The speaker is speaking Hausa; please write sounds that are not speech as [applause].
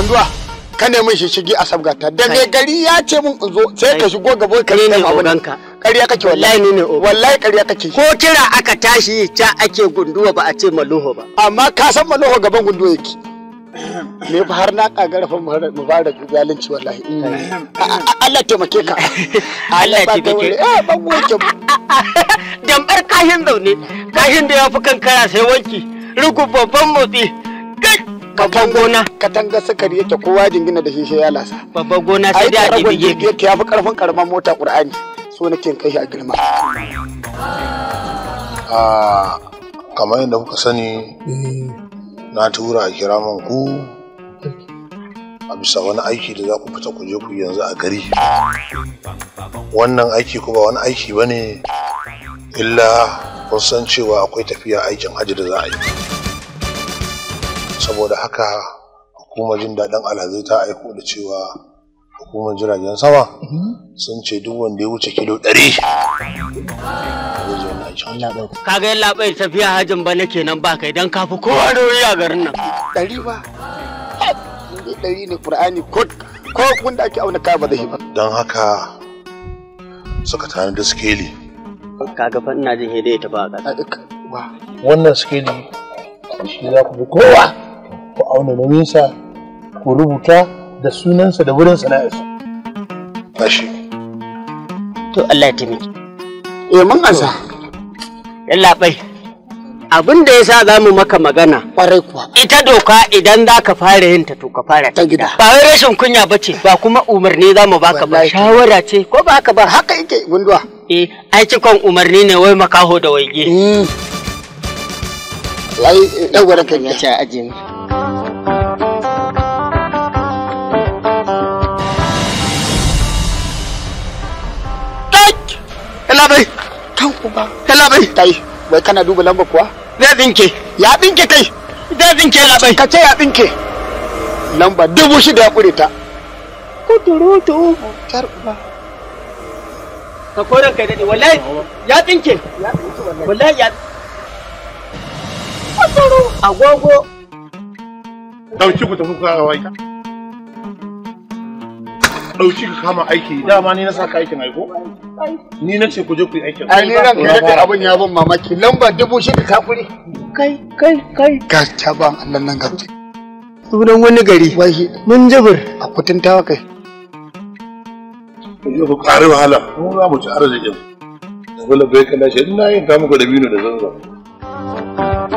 munduwa ka ne min shishigi a sabgata da me gari ya ce mun in zo sai ka shigo gaba ka ne abin ka kariya kake wallahi ne ne wallahi kariya kake ko kira aka tashi ta ake gunduwa ba a ce maluho ba amma ka san maluho gaban gunduwa yake me fa har na kagara fa mu fara zalunci wallahi Allah taimake ka [laughs] Allah taimake eh ban dan [laughs] dambar kashin zaune kashin da ya fi kankara sai wanki rugu babban motsi babban gona katanga sakari yake kowa jingina da shishe ya lasa babban gona sai da ake bige ya fi karfin karaman mota qur'ani so nake kai shi a girma ah kamar yadda kuka sani na tura a kira man ku a bisa wani aiki da za ku fita ku je ku yanzu a gari wannan aiki ku ba wani aiki bane illa kun san cewa akwai tafiya aikin hajji da za a yi saboda haka hukumar jin daɗin alhazai ta aiko da cewa hukumar jiragen sama sun ce duk wanda ya wuce kilo ɗari kaga yin labai tafiya hajin ba nake nan ba kai don kafi kowa da wuri a garin nan ɗari ba ɗari ne ƙur'ani ko da ake auna kaba ba zai ba don haka suka tani da skeli kaga fa ina jin hidaya ta ba a ƙasa wannan skeli shi za ku bi kowa ku auna na nesa ku rubuta da sunansa da wurin sana'arsa tashi to Allah ya taimake eh mun ansa yalla bai abin da ya sa za mu maka magana kwarai kuwa ita doka idan za ka fara yin ta to ka fara ta gida ba wai rashin kunya ba ce ba kuma umarni za mu baka ba shawara ce ko ba haka ba haka yake gunduwa eh ai cikon umarni ne wai makaho da waige hmm. lai dawar kan ya ce ajin a bai kan uba yalla bai kai wai kana duba lamba kuwa zai tsinke ya tsinke kai zai tsinke yalla bai ka ce ya tsinke lamba dubu shida ya kure ta kudurutu kar uba ka koran kai dade wallahi ya tsinke wallahi ya kuduru agogo dauki ku tafi ku hawaita dauki ka kama aiki dama ni na saka aikin aiko ni na ce ku je ku yi aikin ai ni ran kai da abin ya ban mamaki lamba dubu shi ka kuri kai kai kai ka ta ban Allah nan gabe sunan wani gari wai mun jabir a kutuntawa kai ku ku kare wahala mu za mu ci arzikin wala bai kana shi ina yin ta muku da bino da zanzan